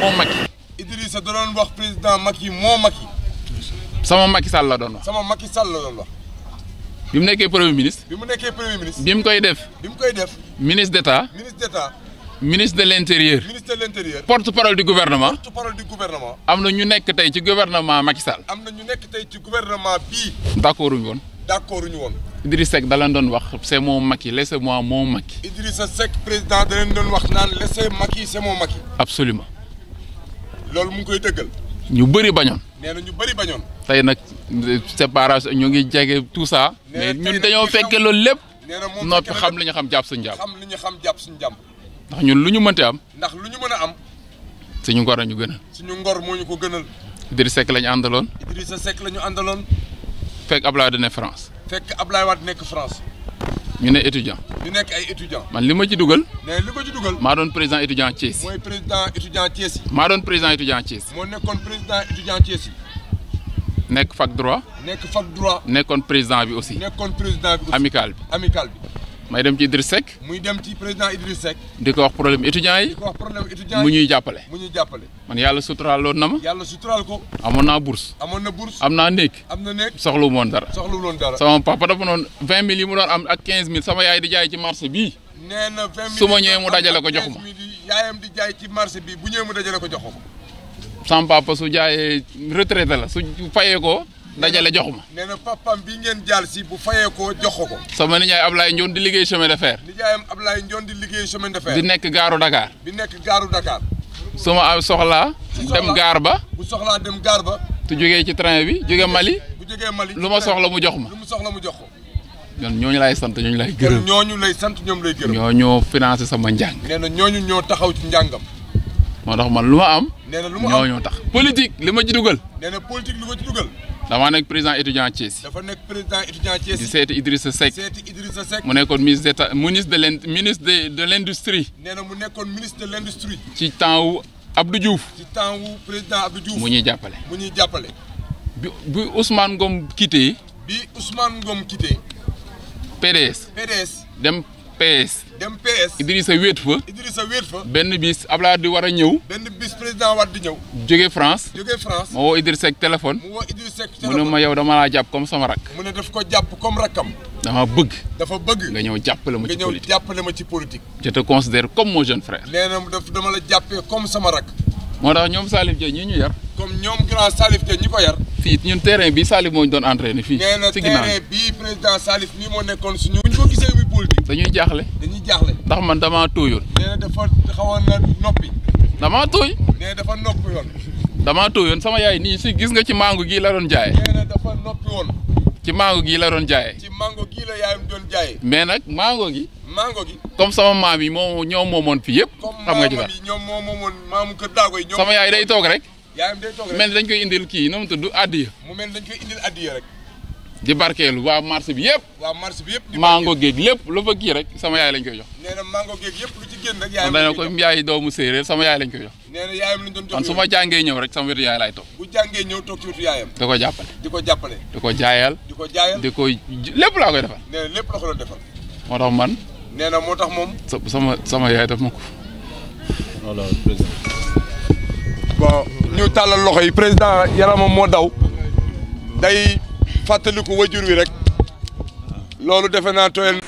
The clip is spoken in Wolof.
moom Macky. Idrissa da doon wax président Macky moo Macky. sama Macky Sall la doon sama Macky Sall la doon wax. bi mu nekkee premier ministre. bi mu nekkee premier ministre. bi mu koy def. bi mu koy def. ministre d' état. ministre de l' intérieur. ministre de l' intérieur. porte parole du gouvernement. porte parole am na ñu nekk tey ci gouvernement Macky sal am na ñu nekk tey ci gouvernement bii. d' accord ñu woon. d' accord ñu woon. Idrissa Seck da doon wax c' est mon Macky laissez moi mon Macky. président da doon wax naan laissez Macky c' est mon Macky. absolument. loolu mu ngi koy dëggal. ñu bëri bañoon. nee na ñu bëri bañoon. tey nag séparation ñu ngi jege tout ça. mais ñun dañoo fekke loolu lépp. na moom noppi xam li ñu xam jàpp suñu jàmm. xam li ñu xam jàpp suñu jàmm. ndax ñun lu ñu mënti am. ndax lu ñu mën a am. suñu ngor a ñu gënal. suñu ngor moo ñu ko gënal. Idrissa Seck la ñu àndaloon. Idrissa Seck la ñu àndaloon. fekk Ablaye Wade ne France. fekk Ablaye Wade nekk France. ñu ne étudiant. ñu nekk ay étudiant. man li ma ci dugal. mais li ko ci dugal. maa doon président étudiant Thiès. mooy président étudiant Thiès maa doon président étudiant Thiès. moo nekkoon président étudiant Thiès nekk fac droit. nekk fak droit. nekkoon président bi aussi. nekkoon président bi aussi. amical bi amical bi. may dem ci Idriss Seck. muy dem ci président Idriss Seck. di ko wax problème étudiants yi. di ko wax problème étudiants yi mu ñuy jàppale. mu ñuy jàppale man yàlla suturaal loon na ma. yàlla suturaal ko. amoon naa bourse. na bourse am naa néeg. am na néeg soxlawu woon dara. soxlawu woon dara sama papa dafa noonu vingt mille yi mu doon am ak quinze mille sama yaay di jaay ci marché bii. nee na vingt mille su ma ñëwee mu dajale ko jox jaay ci marché bii bu ñëwee mu dajale ko jox ko. sama papa su jaayee retraité la su fayee ko. dajale jox ma. nee na papam bi ngeen jaal si bu fayee ko jox ko. sama nijaay Ablaye Ndione di liggéey chemin de fer. nijaayam Ablaye di liggéey semaine de fer. nekk gaaru Dakar. di nekk gaaru Dakar. su ma am soxlaa. dem gaar ba. bu soxlaa dem gaar ba. tu jógee ci train bi jóge Mali. bu jógee Mali lu ma soxla mu jox ma. lu mu soxla mu jox ko. ñoom ñooñu laay sant ñooñu laay gërëm ñooñu lay sant ñoom lay gërëm. ñoo ñoo financé sama njàng. nee na ñooñu ñoo taxaw ci njàngam. moo tax man lu ma am. nee na lu mu am ñooñu tax politique li ma ci dugal. nee na politique li ma ci dugal. damaa nekk président étudiant Thiès. dafa nekk président étudiant Thiès. di seeti Idrissa Seck. seeti Idrissa Seck. mu nekkoon ministre d'état ministre de l' ministre de de l' industrie. nee na mu nekkoon ministre de l' industrie. ci temps wu Abdou Diouf. ci temps wu président Abdou Diouf. mu ñuy jàppale. mu ñuy jàppale. bi bi Ousmane Ngom quitté. bi Ousmane Ngom quitté. PDS. PDS dem PS. dem PS Idrissa wéet fa Idrissa wéet fa benn bis Ablaye di war a ñëw benn bis président Wade di ñëw jóge France jóge France ma woo Idrissa Seck téléphone mu woo téléphone mu ne ma yow dama laa jàpp comme sama rak mu ne daf ko jàpp comme rakkam dama bëgg dafa bëgg nga ñëw jàppale ma ci politique nga ñëw jàppale ma ci politique je te considère comme mon jeune frère nee na daf dama la jàppee comme sama rak moo tax ñoom Salif Dieng ñi ñu yar comme ñoom grand Salif Dieng ñi ko yar fii ñun terrain bi Salif moo doon doon ne fii. si ginnaaw terrain bii président Salif nii moo nekkoon suñu. bu ñu ko gisee muy politique. dañuy jaaxle. dañuy jaaxle ndax man damaa tooyoon. nee na dafa xawoon na noppi. damaa tooy. dafa noppi woon. damaa tooyoon sama yaay ni si gis nga ci mango gii la doon jaayee. nee woon. ci mango gii la doon jaayee. ci mango gii la yaayam mais nag mango gi. mango gi comme sama maam yi moom ñoom moomoon fii yëpp. xam nga ci dara comme moo moomoon maamu kër Daago yi. sama yaay day toog rek yaayam day toog dañ koy indil kii na mu tudd addiya mu mel dañ koy indil addiya rek di barkeelu waa marché bi yëpp waa marché bi mango géeg lépp lu fa kii rek sama yaay lañ koy jox nee na mango géeg yëpp lu ci génn rek yaayam dañ ko yaay doomu séeréer sama yaay lañ koy jox nee na kon su ma jàngee ñëw rek sama wetu yaay laay toog bu jàngee ñëw toog yaayam di ko jàppale di ko jàppale di ko jaayal di ko jaayal ko lépp laa koy defal lépp la ko doon moo tax man nee na moo tax moom sama sama yaay daf ma ko bon ñu tàllal loxo yi président yaramam moo daw day fàttaliku wajur wi rek loolu defe naa tooyal